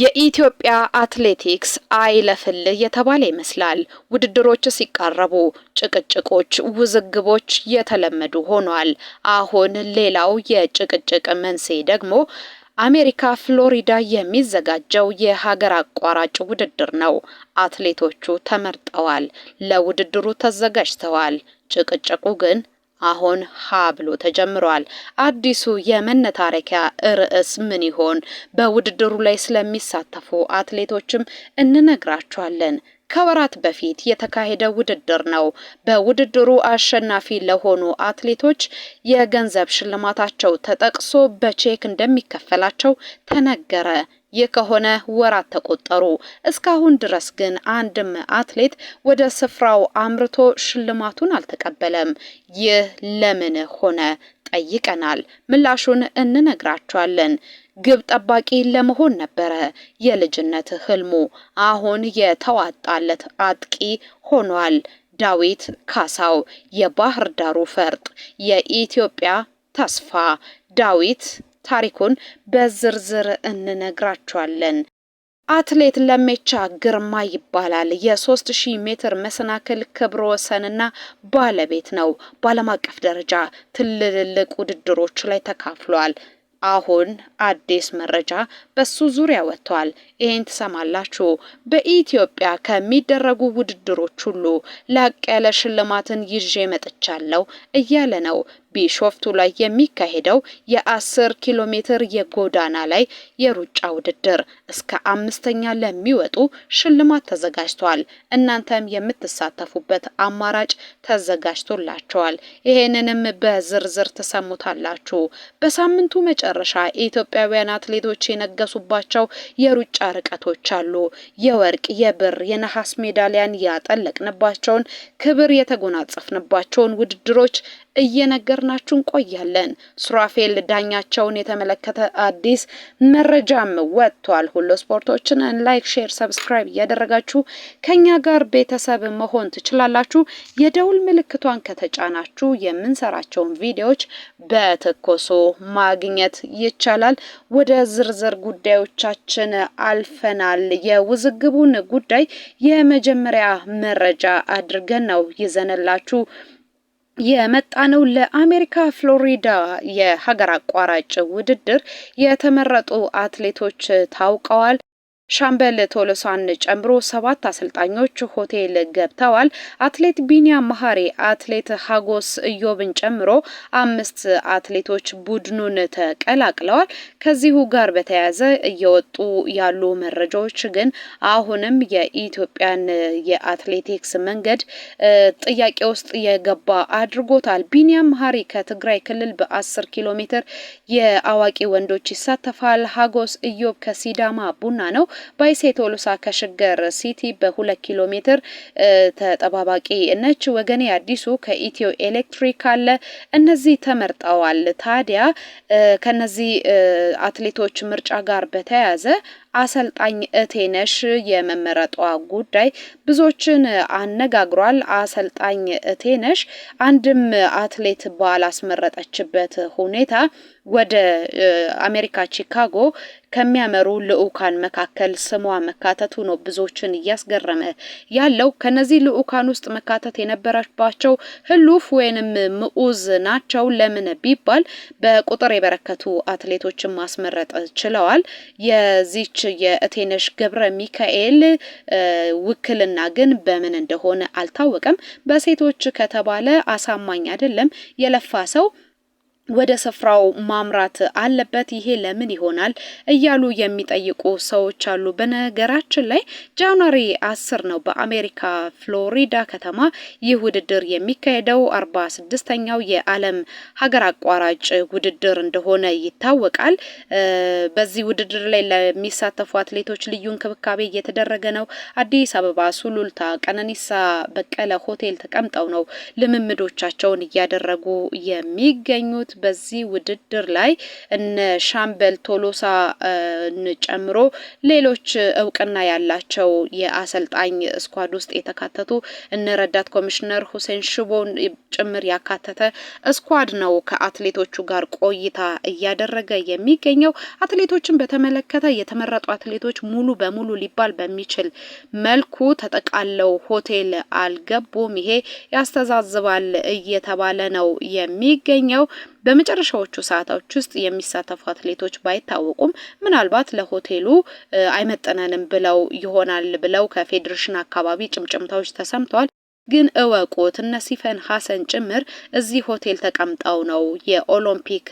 የኢትዮጵያ አትሌቲክስ አይለፍልህ የተባለ ይመስላል። ውድድሮች ሲቃረቡ ጭቅጭቆች፣ ውዝግቦች የተለመዱ ሆኗል። አሁን ሌላው የጭቅጭቅ መንስኤ ደግሞ አሜሪካ ፍሎሪዳ የሚዘጋጀው የሀገር አቋራጭ ውድድር ነው። አትሌቶቹ ተመርጠዋል፣ ለውድድሩ ተዘጋጅተዋል። ጭቅጭቁ ግን አሁን ሀ ብሎ ተጀምሯል። አዲሱ የመነታረኪያ ርዕስ ምን ይሆን? በውድድሩ ላይ ስለሚሳተፉ አትሌቶችም እንነግራችኋለን። ከወራት በፊት የተካሄደ ውድድር ነው። በውድድሩ አሸናፊ ለሆኑ አትሌቶች የገንዘብ ሽልማታቸው ተጠቅሶ በቼክ እንደሚከፈላቸው ተነገረ። ይህ ከሆነ ወራት ተቆጠሩ። እስካሁን ድረስ ግን አንድም አትሌት ወደ ስፍራው አምርቶ ሽልማቱን አልተቀበለም። ይህ ለምን ሆነ ጠይቀናል። ምላሹን እንነግራቸዋለን። ግብ ጠባቂ ለመሆን ነበረ የልጅነት ህልሙ። አሁን የተዋጣለት አጥቂ ሆኗል። ዳዊት ካሳው የባህር ዳሩ ፈርጥ፣ የኢትዮጵያ ተስፋ ዳዊት ታሪኩን በዝርዝር እንነግራቸዋለን። አትሌት ለሜቻ ግርማ ይባላል። የሶስት ሺህ ሜትር መሰናክል ክብረ ወሰንና ባለቤት ነው። በዓለም አቀፍ ደረጃ ትልልቅ ውድድሮች ላይ ተካፍሏል። አሁን አዲስ መረጃ በሱ ዙሪያ ወጥቷል። ይህን ትሰማላችሁ። በኢትዮጵያ ከሚደረጉ ውድድሮች ሁሉ ላቅ ያለ ሽልማትን ይዤ መጥቻለሁ እያለ ነው። ቢሾፍቱ ላይ የሚካሄደው የአስር ኪሎ ሜትር የጎዳና ላይ የሩጫ ውድድር እስከ አምስተኛ ለሚወጡ ሽልማት ተዘጋጅቷል። እናንተም የምትሳተፉበት አማራጭ ተዘጋጅቶላቸዋል። ይሄንንም በዝርዝር ትሰሙታላችሁ። በሳምንቱ መጨረሻ የኢትዮጵያውያን አትሌቶች የነገሱባቸው የሩጫ ርቀቶች አሉ። የወርቅ፣ የብር፣ የነሐስ ሜዳሊያን ያጠለቅንባቸውን ክብር የተጎናጸፍንባቸውን ውድድሮች እየነገር እያቀናበርናችሁ እንቆያለን። ሱራፌል ዳኛቸውን የተመለከተ አዲስ መረጃም ወጥቷል። ሁሉ ስፖርቶችን ላይክ፣ ሼር፣ ሰብስክራይብ እያደረጋችሁ ከኛ ጋር ቤተሰብ መሆን ትችላላችሁ። የደውል ምልክቷን ከተጫናችሁ የምንሰራቸውን ቪዲዮዎች በትኩሱ ማግኘት ይቻላል። ወደ ዝርዝር ጉዳዮቻችን አልፈናል። የውዝግቡን ጉዳይ የመጀመሪያ መረጃ አድርገን ነው ይዘንላችሁ የመጣነው ለአሜሪካ ፍሎሪዳ የሀገር አቋራጭ ውድድር የተመረጡ አትሌቶች ታውቀዋል። ሻምበል ቶሎሳን ጨምሮ ሰባት አሰልጣኞች ሆቴል ገብተዋል። አትሌት ቢኒያም መሀሪ፣ አትሌት ሀጎስ እዮብን ጨምሮ አምስት አትሌቶች ቡድኑን ተቀላቅለዋል። ከዚሁ ጋር በተያያዘ እየወጡ ያሉ መረጃዎች ግን አሁንም የኢትዮጵያን የአትሌቲክስ መንገድ ጥያቄ ውስጥ የገባ አድርጎታል። ቢኒያም መሀሪ ከትግራይ ክልል በአስር ኪሎ ሜትር የአዋቂ ወንዶች ይሳተፋል። ሀጎስ እዮብ ከሲዳማ ቡና ነው። ባይሴ ቶሎሳ ከሽገር ሲቲ በሁለት ኪሎ ሜትር ተጠባባቂ ነች። ወገኔ አዲሱ ከኢትዮ ኤሌክትሪክ አለ። እነዚህ ተመርጠዋል። ታዲያ ከነዚህ አትሌቶች ምርጫ ጋር በተያያዘ አሰልጣኝ እቴነሽ የመመረጧ ጉዳይ ብዙዎችን አነጋግሯል። አሰልጣኝ እቴነሽ አንድም አትሌት ባላስመረጠችበት ሁኔታ ወደ አሜሪካ ቺካጎ ከሚያመሩ ልዑካን መካከል ስሟ መካተቱ ነው ብዙዎችን እያስገረመ ያለው። ከነዚህ ልዑካን ውስጥ መካተት የነበረባቸው ህሉፍ ወይንም ምዑዝ ናቸው። ለምን ቢባል በቁጥር የበረከቱ አትሌቶችን ማስመረጥ ችለዋል። የዚች የእቴነሽ ገብረ ሚካኤል ውክልና ግን በምን እንደሆነ አልታወቀም። በሴቶች ከተባለ አሳማኝ አይደለም የለፋ ሰው ወደ ስፍራው ማምራት አለበት። ይሄ ለምን ይሆናል እያሉ የሚጠይቁ ሰዎች አሉ። በነገራችን ላይ ጃንዋሪ አስር ነው በአሜሪካ ፍሎሪዳ ከተማ ይህ ውድድር የሚካሄደው አርባ ስድስተኛው የዓለም ሀገር አቋራጭ ውድድር እንደሆነ ይታወቃል። በዚህ ውድድር ላይ ለሚሳተፉ አትሌቶች ልዩ እንክብካቤ እየተደረገ ነው። አዲስ አበባ ሱሉልታ ቀነኒሳ በቀለ ሆቴል ተቀምጠው ነው ልምምዶቻቸውን እያደረጉ የሚገኙት። በዚህ ውድድር ላይ እነ ሻምበል ቶሎሳን ጨምሮ ሌሎች እውቅና ያላቸው የአሰልጣኝ ስኳድ ውስጥ የተካተቱ እነ ረዳት ኮሚሽነር ሁሴን ሽቦን ጭምር ያካተተ ስኳድ ነው ከአትሌቶቹ ጋር ቆይታ እያደረገ የሚገኘው። አትሌቶችን በተመለከተ የተመረጡ አትሌቶች ሙሉ በሙሉ ሊባል በሚችል መልኩ ተጠቃለው ሆቴል አልገቡም። ይሄ ያስተዛዝባል እየተባለ ነው የሚገኘው። በመጨረሻዎቹ ሰዓታዎች ውስጥ የሚሳተፉ አትሌቶች ባይታወቁም ምናልባት ለሆቴሉ አይመጠነንም ብለው ይሆናል ብለው ከፌዴሬሽን አካባቢ ጭምጭምታዎች ተሰምተዋል። ግን እወቁት እነ ሲፈን ሀሰን ጭምር እዚህ ሆቴል ተቀምጠው ነው የኦሎምፒክ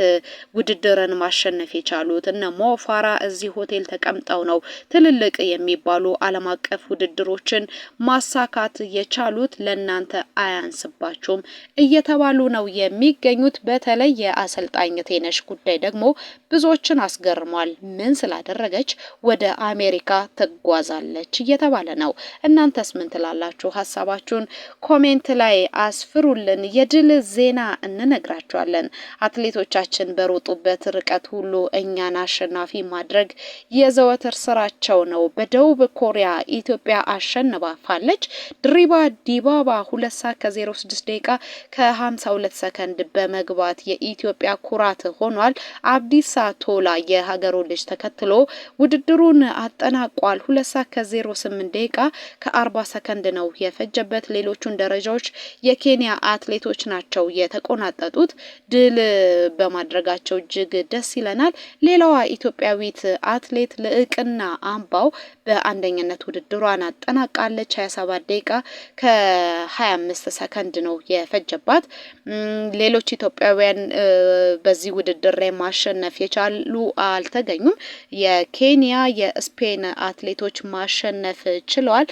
ውድድርን ማሸነፍ የቻሉት። እነ ሞፋራ እዚህ ሆቴል ተቀምጠው ነው ትልልቅ የሚባሉ ዓለም አቀፍ ውድድሮችን ማሳካት የቻሉት። ለእናንተ አያንስባችሁም እየተባሉ ነው የሚገኙት። በተለይ የአሰልጣኝ ቴነሽ ጉዳይ ደግሞ ብዙዎችን አስገርሟል። ምን ስላደረገች ወደ አሜሪካ ትጓዛለች እየተባለ ነው። እናንተስ ምን ትላላችሁ? ሀሳባችሁን ኮሜንት ላይ አስፍሩልን። የድል ዜና እንነግራችኋለን። አትሌቶቻችን በሮጡበት ርቀት ሁሉ እኛን አሸናፊ ማድረግ የዘወትር ስራቸው ነው። በደቡብ ኮሪያ ኢትዮጵያ አሸንፋለች። ድሪባ ዲባባ ሁለት ሰዓት ከ06 ደቂቃ ከ52 ሰከንድ በመግባት የኢትዮጵያ ኩራት ሆኗል። አብዲሳ ቶላ የሀገሩ ልጅ ተከትሎ ውድድሩን አጠናቋል። ሁለት ሰዓት ከ08 ደቂቃ ከ40 ሰከንድ ነው የፈጀበት። ሌሎቹን ደረጃዎች የኬንያ አትሌቶች ናቸው የተቆናጠጡት። ድል በማድረጋቸው እጅግ ደስ ይለናል። ሌላዋ ኢትዮጵያዊት አትሌት ልዕቅና አምባው በአንደኝነት ውድድሯን አጠናቃለች። 27 ደቂቃ ከ25 ሰከንድ ነው የፈጀባት። ሌሎች ኢትዮጵያውያን በዚህ ውድድር ላይ ማሸነፍ ያልቻሉ አልተገኙም። የኬንያ የስፔን አትሌቶች ማሸነፍ ችለዋል።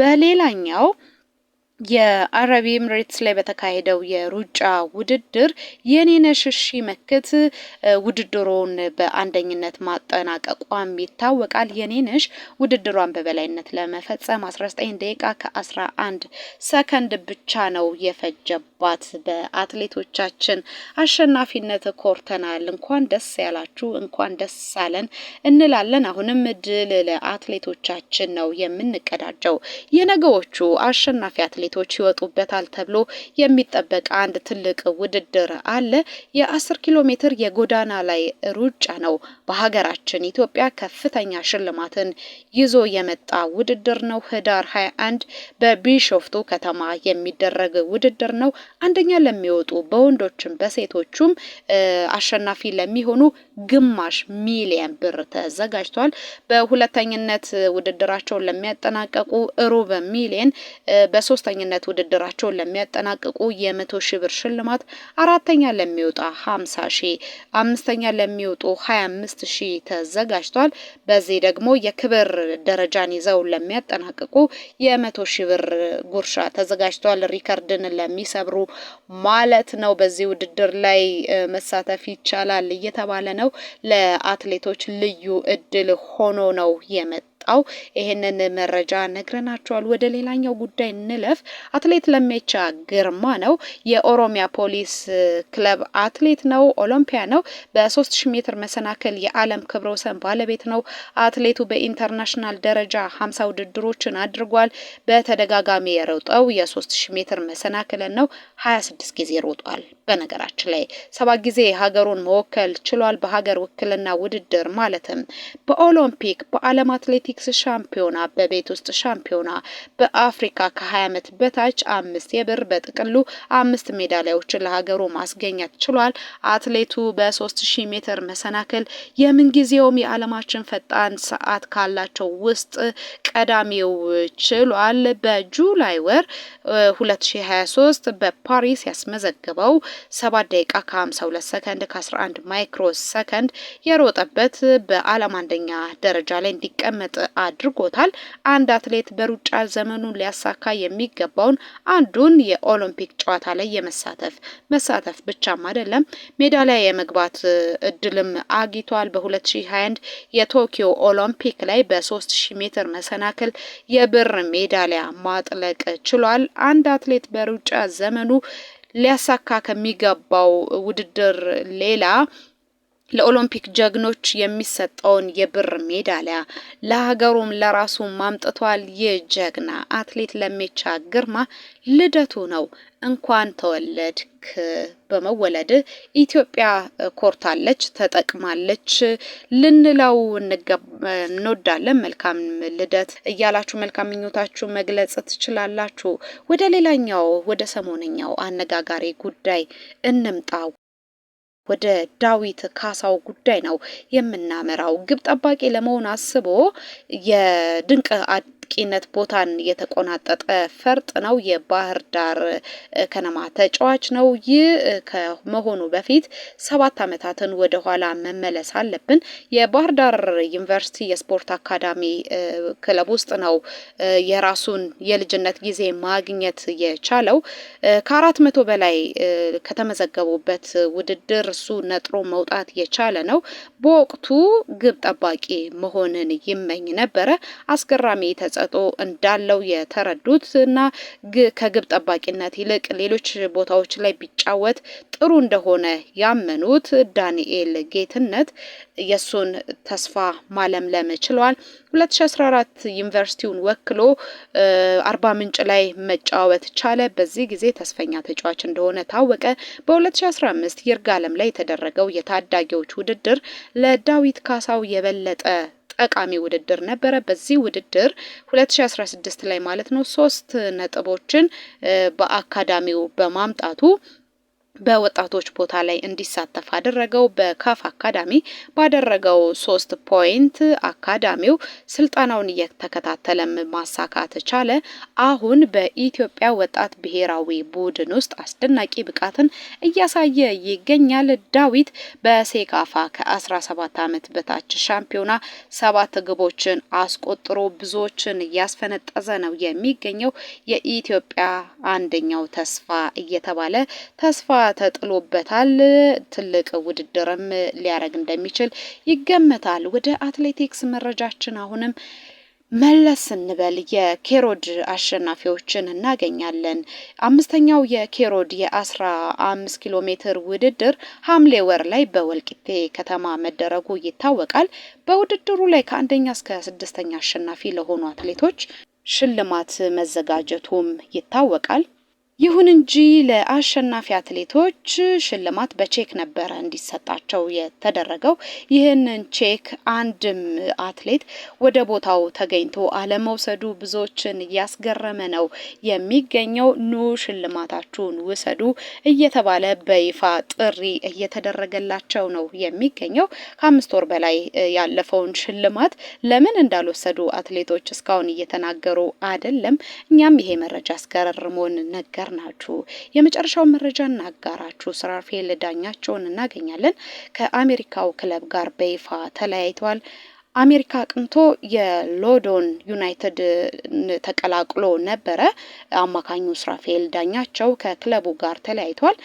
በሌላኛው የአረብ ኤምሬትስ ላይ በተካሄደው የሩጫ ውድድር የኔነሽ ሺ መክት ውድድሩን በአንደኝነት ማጠናቀቋም ይታወቃል። የኔነሽ ውድድሯን በበላይነት ለመፈጸም 19 ደቂቃ ከ11 ሰከንድ ብቻ ነው የፈጀባት። በአትሌቶቻችን አሸናፊነት ኮርተናል፣ እንኳን ደስ ያላችሁ፣ እንኳን ደስ አለን እንላለን። አሁንም ድል ለአትሌቶቻችን ነው የምንቀዳጀው። የነገዎቹ አሸናፊ አትሌት አትሌቶች ይወጡበታል ተብሎ የሚጠበቅ አንድ ትልቅ ውድድር አለ። የ የ10 ኪሎ ሜትር የጎዳና ላይ ሩጫ ነው። በሀገራችን ኢትዮጵያ ከፍተኛ ሽልማትን ይዞ የመጣ ውድድር ነው። ህዳር 21 በቢሾፍቱ ከተማ የሚደረግ ውድድር ነው። አንደኛ ለሚወጡ በወንዶችም በሴቶቹም አሸናፊ ለሚሆኑ ግማሽ ሚሊየን ብር ተዘጋጅቷል። በሁለተኝነት ውድድራቸውን ለሚያጠናቀቁ ሩብ ሚሊየን፣ በሶስተኛ የጋዜጠኝነት ውድድራቸውን ለሚያጠናቅቁ የመቶ ሺህ ብር ሽልማት፣ አራተኛ ለሚወጣ ሀምሳ ሺህ አምስተኛ ለሚወጡ ሀያ አምስት ሺህ ተዘጋጅቷል። በዚህ ደግሞ የክብር ደረጃን ይዘው ለሚያጠናቅቁ የመቶ ሺህ ብር ጉርሻ ተዘጋጅቷል። ሪከርድን ለሚሰብሩ ማለት ነው። በዚህ ውድድር ላይ መሳተፍ ይቻላል እየተባለ ነው። ለአትሌቶች ልዩ እድል ሆኖ ነው የመጣ ሲመጣው ይህንን መረጃ ነግረናቸዋል። ወደ ሌላኛው ጉዳይ እንለፍ። አትሌት ለሜቻ ግርማ ነው የኦሮሚያ ፖሊስ ክለብ አትሌት ነው፣ ኦሎምፒያ ነው። በ3000 ሜትር መሰናክል የዓለም ክብረ ወሰን ባለቤት ነው። አትሌቱ በኢንተርናሽናል ደረጃ 50 ውድድሮችን አድርጓል። በተደጋጋሚ የሮጠው የ3000 ሜትር መሰናክልን ነው። 26 ጊዜ ሮጧል። በነገራችን ላይ ሰባት ጊዜ ሀገሩን መወከል ችሏል። በሀገር ውክልና ውድድር ማለትም በኦሎምፒክ በዓለም አትሌቲክስ አትሌቲክስ ሻምፒዮና በቤት ውስጥ ሻምፒዮና በአፍሪካ ከ20 ዓመት በታች አምስት የብር በጥቅሉ አምስት ሜዳሊያዎችን ለሀገሩ ማስገኘት ችሏል። አትሌቱ በ3000 ሜትር መሰናክል የምንጊዜውም የዓለማችን ፈጣን ሰዓት ካላቸው ውስጥ ቀዳሚው ችሏል። በጁላይ ወር 2023 በፓሪስ ያስመዘገበው 7 ደቂቃ ከ52 ሰከንድ ከ11 ማይክሮ ሰከንድ የሮጠበት በዓለም አንደኛ ደረጃ ላይ እንዲቀመጥ አድርጎታል። አንድ አትሌት በሩጫ ዘመኑ ሊያሳካ የሚገባውን አንዱን የኦሎምፒክ ጨዋታ ላይ የመሳተፍ መሳተፍ ብቻም አይደለም ሜዳሊያ የመግባት እድልም አግኝቷል። በ2021 የቶኪዮ ኦሎምፒክ ላይ በ3000 ሜትር መሰናክል የብር ሜዳሊያ ማጥለቅ ችሏል። አንድ አትሌት በሩጫ ዘመኑ ሊያሳካ ከሚገባው ውድድር ሌላ ለኦሎምፒክ ጀግኖች የሚሰጠውን የብር ሜዳሊያ ለሀገሩም ለራሱ ማምጥቷል። የጀግና ጀግና አትሌት ለሜቻ ግርማ ልደቱ ነው። እንኳን ተወለድክ። በመወለድ ኢትዮጵያ ኮርታለች፣ ተጠቅማለች ልንለው እንወዳለን። መልካም ልደት እያላችሁ መልካም ምኞታችሁ መግለጽ ትችላላችሁ። ወደ ሌላኛው ወደ ሰሞነኛው አነጋጋሪ ጉዳይ እንምጣ። ወደ ዳዊት ካሳው ጉዳይ ነው የምናመራው። ግብ ጠባቂ ለመሆን አስቦ የድንቅ የአጥቂነት ቦታን የተቆናጠጠ ፈርጥ ነው። የባህር ዳር ከነማ ተጫዋች ነው። ይህ ከመሆኑ በፊት ሰባት ዓመታትን ወደኋላ መመለስ አለብን። የባህር ዳር ዩኒቨርሲቲ የስፖርት አካዳሚ ክለብ ውስጥ ነው የራሱን የልጅነት ጊዜ ማግኘት የቻለው። ከአራት መቶ በላይ ከተመዘገቡበት ውድድር እሱ ነጥሮ መውጣት የቻለ ነው። በወቅቱ ግብ ጠባቂ መሆንን ይመኝ ነበረ። አስገራሚ ተጽ ተሰጥኦ እንዳለው የተረዱት እና ከግብ ጠባቂነት ይልቅ ሌሎች ቦታዎች ላይ ቢጫወት ጥሩ እንደሆነ ያመኑት ዳንኤል ጌትነት የእሱን ተስፋ ማለምለም ችሏል። 2014 ዩኒቨርሲቲውን ወክሎ አርባ ምንጭ ላይ መጫወት ቻለ። በዚህ ጊዜ ተስፈኛ ተጫዋች እንደሆነ ታወቀ። በ2015 ይርጋለም ላይ የተደረገው የታዳጊዎች ውድድር ለዳዊት ካሳው የበለጠ ጠቃሚ ውድድር ነበረ። በዚህ ውድድር 2016 ላይ ማለት ነው ሶስት ነጥቦችን በአካዳሚው በማምጣቱ በወጣቶች ቦታ ላይ እንዲሳተፍ አደረገው። በካፍ አካዳሚ ባደረገው ሶስት ፖይንት አካዳሚው ስልጠናውን እየተከታተለም ማሳካት ቻለ። አሁን በኢትዮጵያ ወጣት ብሔራዊ ቡድን ውስጥ አስደናቂ ብቃትን እያሳየ ይገኛል። ዳዊት በሴካፋ ከ17 ዓመት በታች ሻምፒዮና ሰባት ግቦችን አስቆጥሮ ብዙዎችን እያስፈነጠዘ ነው የሚገኘው። የኢትዮጵያ አንደኛው ተስፋ እየተባለ ተስፋ ተጥሎበታል። ትልቅ ውድድርም ሊያደርግ እንደሚችል ይገመታል። ወደ አትሌቲክስ መረጃችን አሁንም መለስ እንበል የኬሮድ አሸናፊዎችን እናገኛለን። አምስተኛው የኬሮድ የአስራ አምስት ኪሎ ሜትር ውድድር ሐምሌ ወር ላይ በወልቂቴ ከተማ መደረጉ ይታወቃል። በውድድሩ ላይ ከአንደኛ እስከ ስድስተኛ አሸናፊ ለሆኑ አትሌቶች ሽልማት መዘጋጀቱም ይታወቃል። ይሁን እንጂ ለአሸናፊ አትሌቶች ሽልማት በቼክ ነበረ እንዲሰጣቸው የተደረገው። ይህንን ቼክ አንድም አትሌት ወደ ቦታው ተገኝቶ አለመውሰዱ ብዙዎችን እያስገረመ ነው የሚገኘው። ኑ ሽልማታችሁን ውሰዱ እየተባለ በይፋ ጥሪ እየተደረገላቸው ነው የሚገኘው። ከአምስት ወር በላይ ያለፈውን ሽልማት ለምን እንዳልወሰዱ አትሌቶች እስካሁን እየተናገሩ አይደለም። እኛም ይሄ መረጃ አስገርሞን ነገር ጋር ናችሁ። የመጨረሻው መረጃ እናጋራችሁ። ስራፌል ዳኛቸውን እናገኛለን። ከአሜሪካው ክለብ ጋር በይፋ ተለያይተዋል። አሜሪካ አቅንቶ የሎዶን ዩናይትድ ተቀላቅሎ ነበረ። አማካኙ ስራፌል ዳኛቸው ከክለቡ ጋር ተለያይቷል።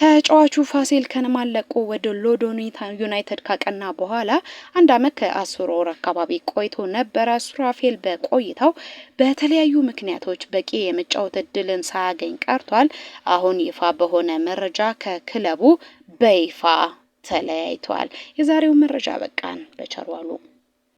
ተጫዋቹ ፋሲል ከነማን ለቆ ወደ ሎዶኒ ዩናይትድ ካቀና በኋላ አንድ አመት ከአስር ወር አካባቢ ቆይቶ ነበረ። ሱራፌል በቆይታው በተለያዩ ምክንያቶች በቂ የመጫወት እድልን ሳያገኝ ቀርቷል። አሁን ይፋ በሆነ መረጃ ከክለቡ በይፋ ተለያይቷል። የዛሬው መረጃ በቃን። በቸር ዋሉ።